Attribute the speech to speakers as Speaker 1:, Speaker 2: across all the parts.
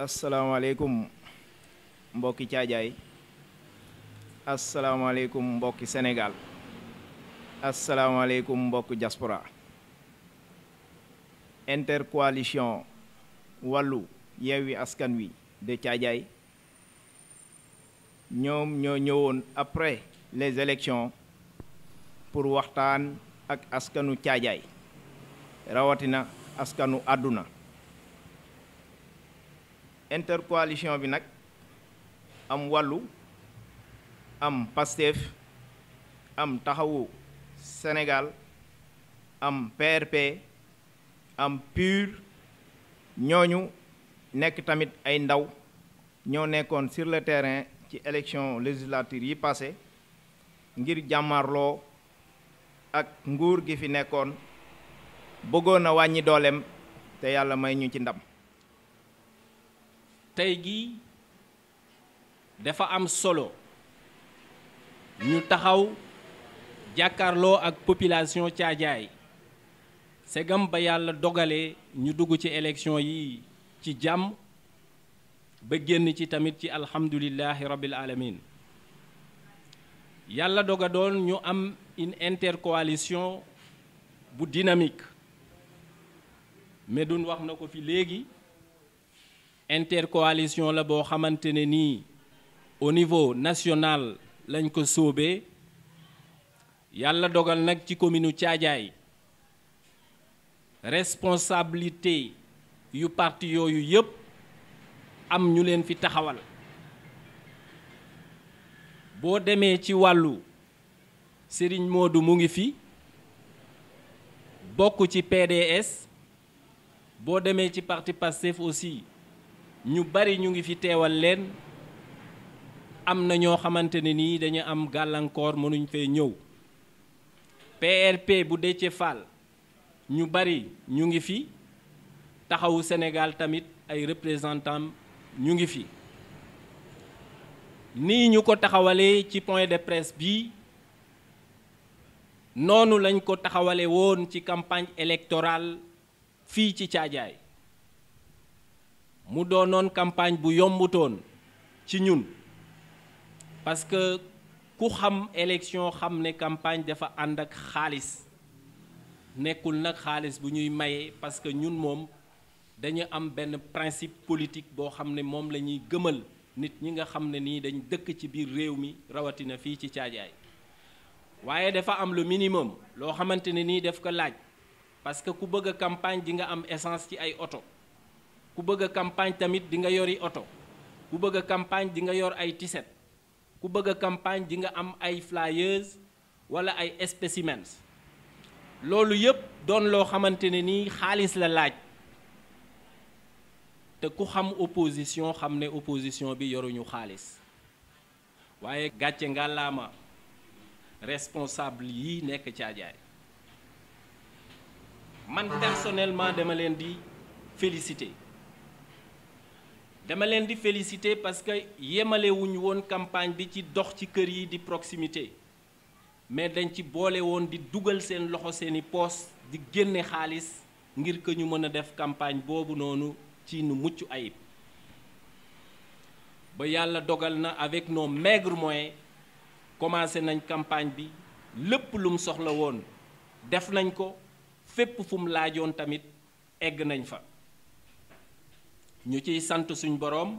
Speaker 1: Assalamu Mboki mbokki Assalamu alaikum mbokki Sénégal alaikum mbokki diaspora intercoalition walu Yewi Askan de caajaay ñom ñoo ñëwoon après les élections pour waxtaan ak askanu rawatina askanu aduna. intercoalition bi nag am wàllu am Pastef am taxawu Sénégal am PRP am PUR ñooñu nekk tamit ay ndaw ñoo nekkoon sur le terrain ci élection législative yi passé ngir jàmmarloo ak nguur gi fi nekkoon bëggoon a wàññi dooleem te yàlla may ñu ci ndam tey gii dafa am solo
Speaker 2: ñu taxaw jàkkarloo ak population Caajaay segam ba yàlla dogalee ñu dugg ci élection yi ci jàmm ba génn ci tamit ci alhamdulillahi rabbil alamin yàlla dogadoon ñu am une intercoalition bu dynamique Medoune wax na ko fi léegi intercoalition la bo xamantene ni au niveau national lañ ko yalla yalla dogal nak ci commune Thiadiaye responsabilité yu parti yooyu yep am ñu leen fi taxawal bo démé ci walu Serigne Modou mo ngi fi bokku ci PDS bo démé ci parti passif aussi ñu bari ñu ngi fi teewal leen am na ñoo xamante ne nii dañu am gàllankoor mënuñ fee ñëw PRP bu Déthié Fall ñu bari ñu ngi fi taxawu senegal tamit ay représentants ñu ngi fi nii ñu ko taxawalee ci point de presse bi noonu lañ ko taxawale woon ci campagne électorale fii ci Caajaay mu doonoon campagne bu yombutoon ci ñun parce que ku xam élection xam ne campagne dafa ànd ak xaalis nekkul nag xaalis bu ñuy maye parce que ñun moom dañu am benn principe politique boo xam ne moom la ñuy gëmal nit ñi nga xam ne nii dañ dëkk ci biir réew mi rawatina fii ci caajaay waaye dafa am le minimum loo xamante ne nii daf ko laaj parce que ku bëgg campagne di nga am essence ci ay oto ku bëgg a campagne tamit di nga yori oto ku bëgg a campagne di nga yor ay tiset ku bëgg a campagne di nga am ay flyers wala ay spécimens loolu yëpp doon loo xamante ne nii xaalis la laaj te ku xam opposition xam ne opposition bi yoruñu xaalis waaye gàcce ngàllaama responsable yi nekk caajaay man personnellement dama leen di féliciter dama len di féliciter parce que yemalewuñu woon campagne bi ci dox ci kër yi di proximité mais dañ ci bolé di dugal sen loxo seeni poste di génné xaalis ngir que ñu mëna def campagne bobu nonu ci nu muccu ayib ba yalla dogal na avec nos maigres moyens commencé nañ campagne bi lepp lu soxla woon def nañ ko fep fum mu tamit egg nañ fa ñu ciy sant suñ borom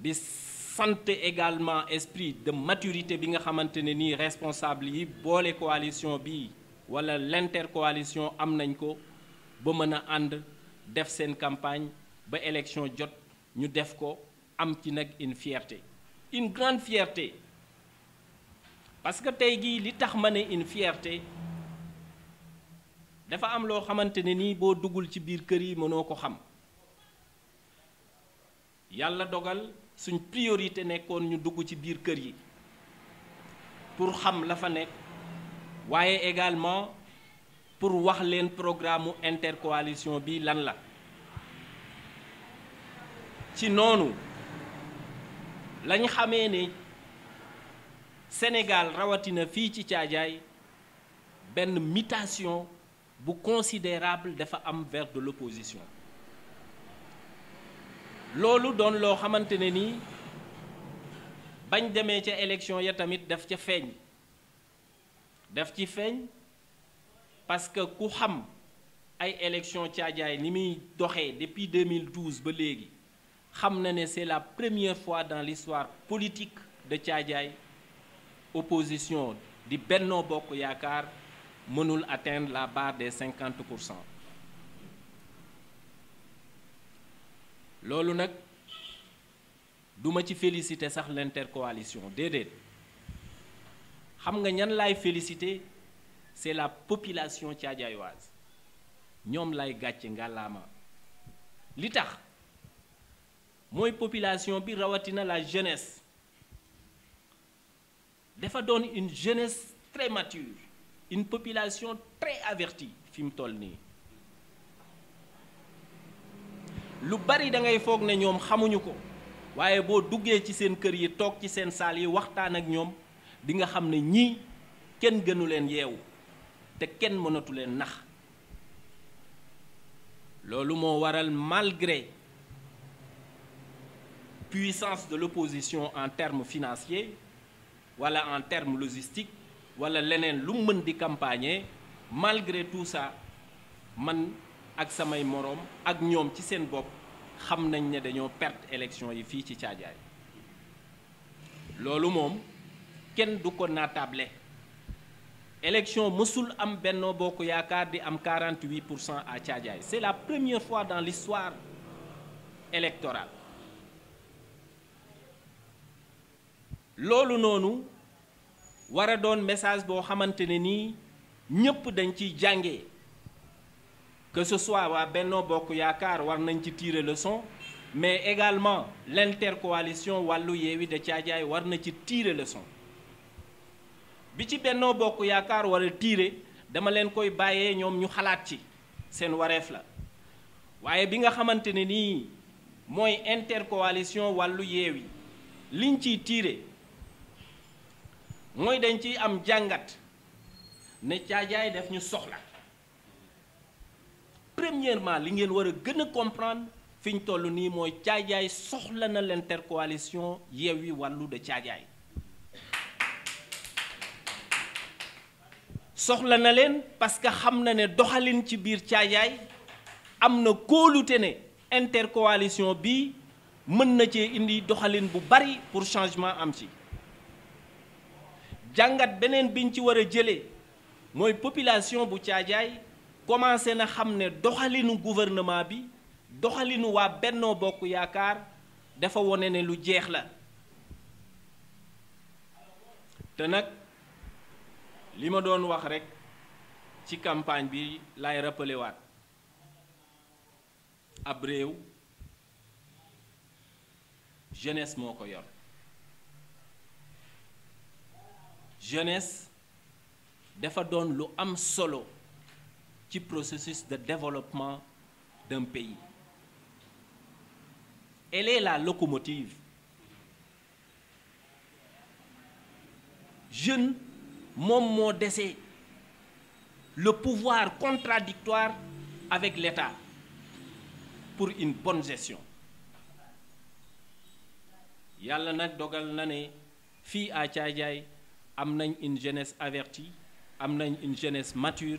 Speaker 2: di sant également esprit de maturité bi nga xamante ne nii responsable yi boole coalition bi wala l'intercoalition am nañ ko ba mën a ànd def seen campagne ba élection jot ñu def ko am ci nag une fierté une grande fierté parce que tey gii li tax ma ne fierté dafa am loo xamante ne nii boo ci biir kër yi mënoo ko xam yalla dogal suñ priorité nekkoon ñu dugg ci biir kër yi pour xam la fa nek waye également pour wax leen programme intercoalition bi lan la ci nonu lañ xamé né Sénégal rawatina fi ci Caajaay une mutation bu considérable dafa am vers de l'opposition loolu don que xamantene ni bagn c'est que les élection ya tamit daf ci ci parce que ku xam ay élection caajaay ni mi depuis 2012 ba léegi xam na c'est la première fois dans l'histoire politique de caajaay opposition di Benno Bokk yaakar mënul atteindre la barre des 50 loolu nak duma ci féliciter sax l'intercoalition déedéet xam nga ñan lay féliciter c'est la population thiadiayoise ñom lay gàcce ngàllaama li tax moy population bi rawatina la jeunesse dafa donne une jeunesse très mature une population très avertie fim tolni lu bari da ngay foog ne ñoom xamuñu ko waaye boo duggee ci seen kër yi toog ci seen saal yi waxtaan ak ñoom di nga xam ne ñii kenn gënu leen yeewu te kenn mënatu leen nax loolu moo waral malgré puissance de l'opposition en termes financiers wala en terme logistique wala leneen lu mën di campagner malgré tout ça man ak samay morom, ak ñom ci seen bop xam nañ ne dañoo perte élection yi fii ci Caajaay loolu moom kenn du ko naatable élection am Benno Bokk Yaakaar di am 48 pour cent à Caajaay c'est la première fois dans l'histoire électorale loolu noonu war a doon message boo xamante ne nii dañ ci jàngee que ce soit waa Benno Bokk ou war nañ ci tirer leçon mais également l'intercoalition Walu Yewi de Thiadiaye war na ci tirer leçon bi ci Benno Bokk ou war a tirer dama leen koy bàyyee ñoom ñu xalaat ci seen wareef la waaye bi nga intercoalition Walu Yewi, liñ tire, tirer mooy dañ am jàngat ne Thiadiaye def ñu soxla premièrement li ngeen war a gën a comprendre fi ñu toll nii mooy caajaay soxla na l'intercoalition Yewwi Wàllu de caajaay soxla na leen parce que xam na ne doxalin ci biir caajaay am na kóolute ne intercoalition bi mën na cee indi doxalin bu bari pour changement am ci jàngat beneen biñ ci war a jëlee mooy population bu caajaay commencé na xam ne doxalinu gouvernement bi doxalinu waa Bennoo Bokk Yaakaar dafa wone ne lu jeex la te nag li ma doon wax rekk ci campagne bi lay rappelé waat ab réew jeunesse moo ko yor jeunesse dafa doon lu am solo processus de développement d'un pays elle est la locomotive jeune mon mot le pouvoir contradictoire avec l'État pour une bonne gestion Yalla y dogal nané fille à amnañ une jeunesse avertie une jeunesse mature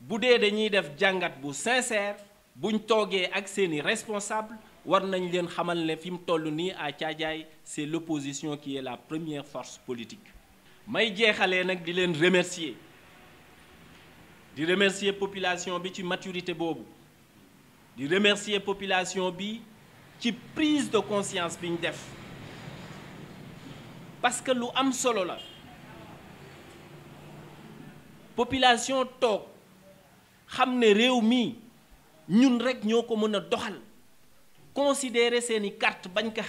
Speaker 2: boudé dañuy def jangat bu sincère buñ togué ak seeni responsable war nañ leen xamal né fi tollu ni à c'est l'opposition qui est la première force politique may jéxalé nak di leen remercier di remercier population bi ci maturité bobu di remercier population bi ci prise de conscience biñ def parce que lu am solo la population tok nous ne réew mi ñun rek ñoo ko mën considérer ces carte bañ ko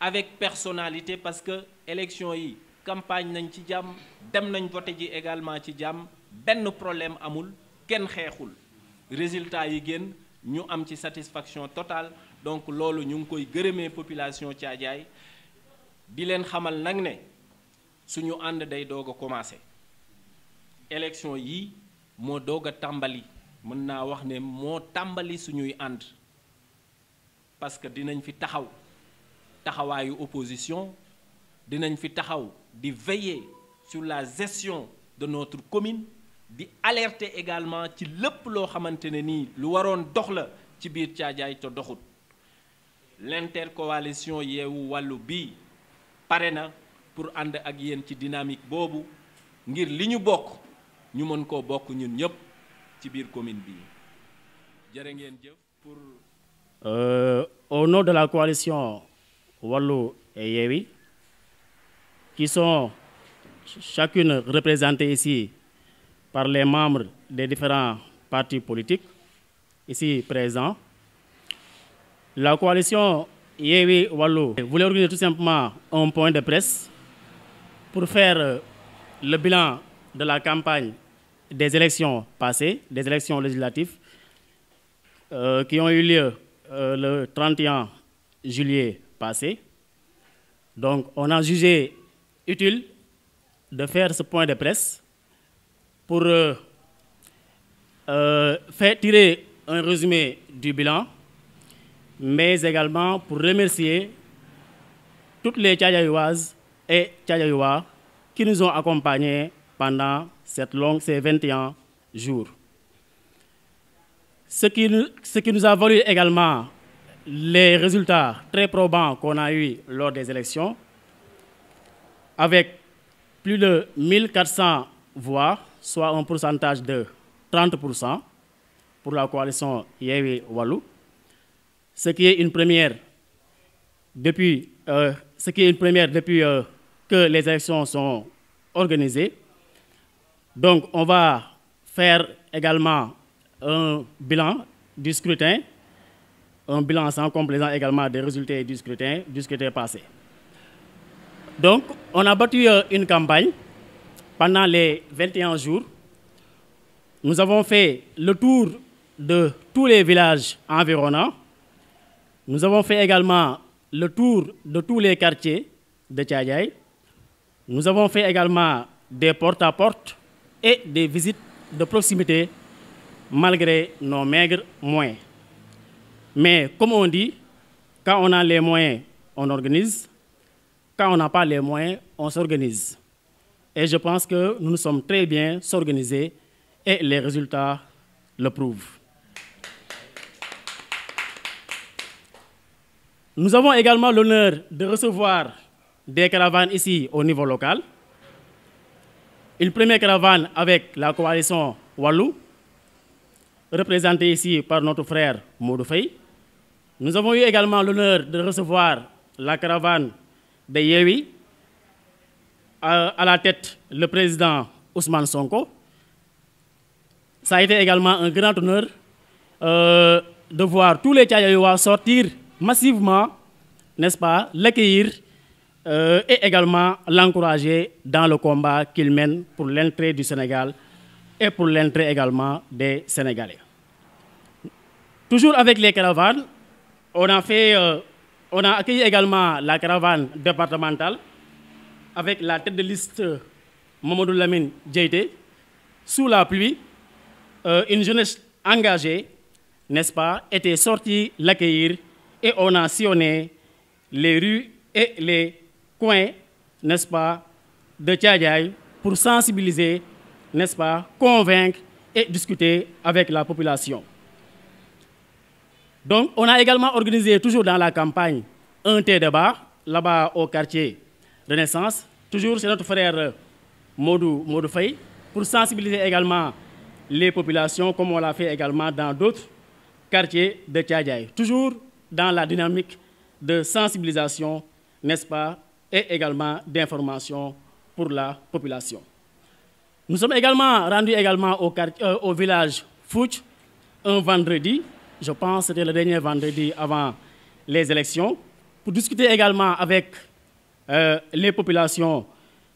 Speaker 2: avec personnalité parce que élection yi campagne nañ ci jàmm dem nañ ji également ci jàmm benn problème amul résultat yi ñu satisfaction totale donc loolu ñu ngi koy population di leen xamal day élection yi mo doga tambali tàmbali mën naa wax ne mo tambali suñuy and parce que dinañ fi taxaw taxawaayu opposition dinañ fi taxaw di veiller sur la gestion de notre commune di alerter également ci lépp loo xamante ne nii lu waroon dox la ci biir caajaay te doxut l'intercoalition yeewu wàllu bii pare na pour ànd ak yéen ci dynamique boobu ngir li ñu bokk ñu mën ñun ñëpp ci commune
Speaker 3: euh, au nom de la coalition Wallu et Yewi, qui sont chacune représentée ici par les membres des différents partis politiques ici présents. La coalition Yewi Wallou voulait organiser tout simplement un point de presse pour faire le bilan de la campagne des élections passées, des élections législatives euh, qui ont eu lieu euh, le 31 juillet passé. Donc, on a jugé utile de faire ce point de presse pour euh, faire tirer un résumé du bilan, mais également pour remercier toutes les Tchadjaïoises et Tchadjaïois qui nous ont accompagnés pendant cette longue, ces 21 jours. Ce qui, nous a valu également les résultats très probants qu'on a eus lors des élections, avec plus de 1400 voix, soit un pourcentage de 30% pour la coalition Yewi Walou, ce qui est une première depuis, euh, ce qui est une première depuis euh, que les élections sont organisées. Donc, on va faire également un bilan du scrutin, un bilan sans complaisant également des résultats du scrutin, du scrutin passé. Donc, on a battu euh, une campagne pendant les 21 jours. Nous avons fait le tour de tous les villages environnants. Nous avons fait également le tour de tous les quartiers de Tchadjaï. Nous avons fait également des porte-à-porte portes à portes. porte à porte et des visites de proximité malgré nos maigres moyens. Mais comme on dit, quand on a les moyens, on organise. Quand on n'a pas les moyens, on s'organise. Et je pense que nous nous sommes très bien s'organiser et les résultats le prouvent. Nous avons également l'honneur de recevoir des caravanes ici au niveau local une première caravane avec la coalition Wallou, représentée ici par notre frère Maudou Nous avons eu également l'honneur de recevoir la caravane de Yewi, à, la tête le président Ousmane Sonko. Ça a été également un grand honneur euh, de voir tous les Tchayayoua sortir massivement, n'est-ce pas, l'accueillir euh, et également l'encourager dans le combat qu'il mène pour l'entrée du Sénégal et pour l'entrée également des Sénégalais. Toujours avec les caravanes, on a, fait, euh, on a accueilli également la caravane départementale avec la tête de liste euh, Mamadou Lamine JT. sous la pluie, une jeunesse engagée, n'est-ce pas, était sortie l'accueillir et on a sillonné les rues et les coin, n'est-ce pas, de Tchadjaï pour sensibiliser, n'est-ce pas, convaincre et discuter avec la population. Donc, on a également organisé, toujours dans la campagne, un thé débat, là-bas au quartier Renaissance, toujours chez notre frère Modou, Modou pour sensibiliser également les populations, comme on l'a fait également dans d'autres quartiers de Tchadjaï. Toujours dans la dynamique de sensibilisation, n'est-ce pas, et également d'informations pour la population. Nous sommes également rendus également au, euh, village Fouch un vendredi, je pense c'était le dernier vendredi avant les élections, pour discuter également avec euh, les populations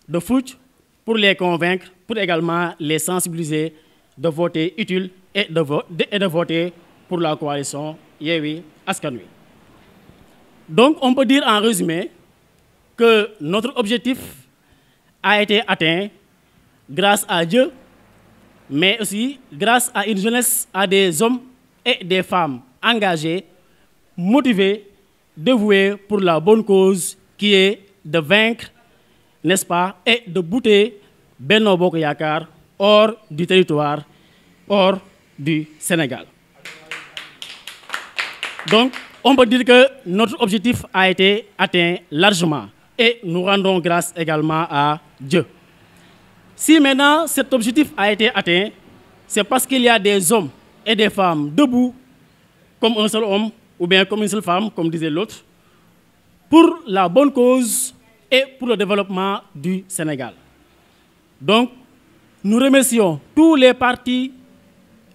Speaker 3: de Fouch pour les convaincre, pour également les sensibiliser de voter utile et de, voter pour la coalition Yewi Askanui. Donc on peut dire en résumé que notre objectif a été atteint grâce à Dieu, mais aussi grâce à une jeunesse, à des hommes et des femmes engagés, motivés, dévoués pour la bonne cause qui est de vaincre, n'est-ce pas, et de bouter Benno Bokoyakar hors du territoire, hors du Sénégal. Donc, on peut dire que notre objectif a été atteint largement. Et nous rendons grâce également à Dieu. Si maintenant cet objectif a été atteint, c'est parce qu'il y a des hommes et des femmes debout, comme un seul homme ou bien comme une seule femme, comme disait l'autre, pour la bonne cause et pour le développement du Sénégal. Donc, nous remercions tous les partis,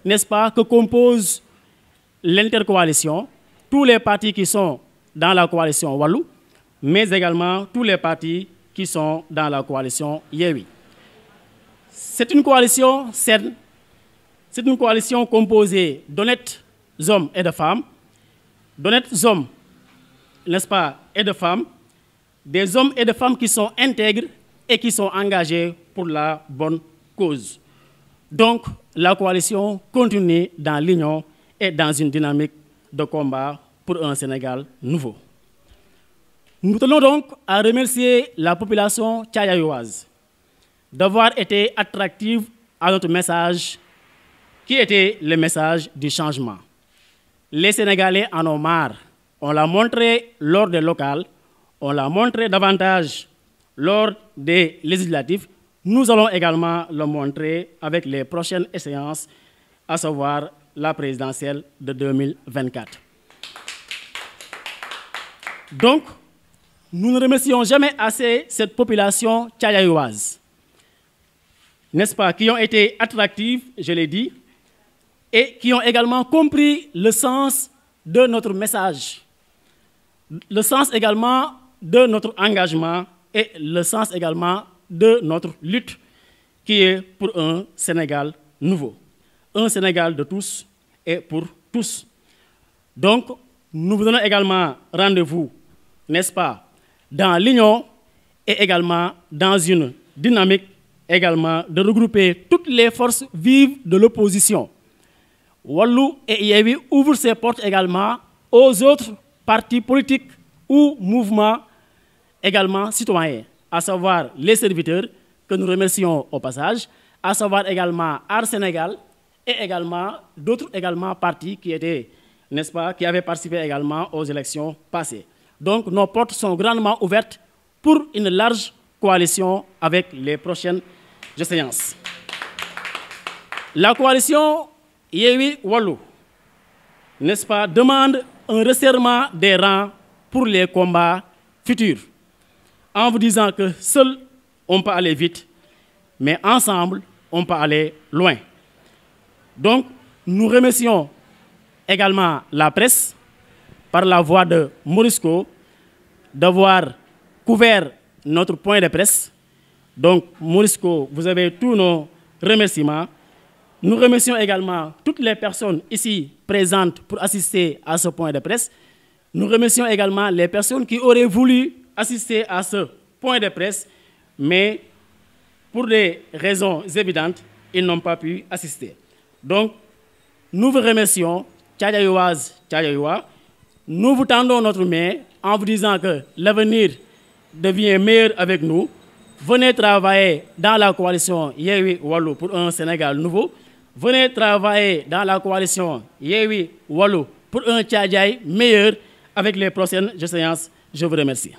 Speaker 3: n'est-ce pas, que compose l'intercoalition, tous les partis qui sont dans la coalition Wallou, mais également tous les partis qui sont dans la coalition Yewi. C'est une coalition saine, c'est une coalition composée d'honnêtes hommes et de femmes, d'honnêtes hommes, n'est-ce pas, et de femmes, des hommes et de femmes qui sont intègres et qui sont engagés pour la bonne cause. Donc, la coalition continue dans l'union et dans une dynamique de combat pour un Sénégal nouveau. Nous tenons donc à remercier la population tchayayoise d'avoir été attractive à notre message, qui était le message du changement. Les Sénégalais en ont marre. On l'a montré lors des locales, on l'a montré davantage lors des législatives. Nous allons également le montrer avec les prochaines séances, à savoir la présidentielle de 2024. Donc, nous ne remercions jamais assez cette population tchayayoise, n'est-ce pas, qui ont été attractives, je l'ai dit, et qui ont également compris le sens de notre message, le sens également de notre engagement et le sens également de notre lutte qui est pour un Sénégal nouveau, un Sénégal de tous et pour tous. Donc, nous vous donnons également rendez-vous, n'est-ce pas, dans l'union et également dans une dynamique également de regrouper toutes les forces vives de l'opposition. Wallou et Yévi ouvrent ses portes également aux autres partis politiques ou mouvements également citoyens, à savoir les serviteurs, que nous remercions au passage, à savoir également Art Sénégal et également d'autres également partis qui étaient, nest pas, qui avaient participé également aux élections passées. Donc nos portes sont grandement ouvertes pour une large coalition avec les prochaines séances. La coalition Yewi Wallou, n'est-ce pas, demande un resserrement des rangs pour les combats futurs, en vous disant que seul on peut aller vite, mais ensemble on peut aller loin. Donc nous remercions également la presse par la voix de Morisco d'avoir couvert notre point de presse. Donc, Morisco, vous avez tous nos remerciements. Nous remercions également toutes les personnes ici présentes pour assister à ce point de presse. Nous remercions également les personnes qui auraient voulu assister à ce point de presse, mais pour des raisons évidentes, ils n'ont pas pu assister. Donc, nous vous remercions, Tchadjaïwaz, Tchadjaïwa. Nous vous tendons notre main en vous disant que l'avenir devient meilleur avec nous. Venez travailler dans la coalition Yewi Wallo pour un Sénégal nouveau. Venez travailler dans la coalition Yewi Wallo pour un Tchadjaï meilleur avec les prochaines séances. Je vous remercie.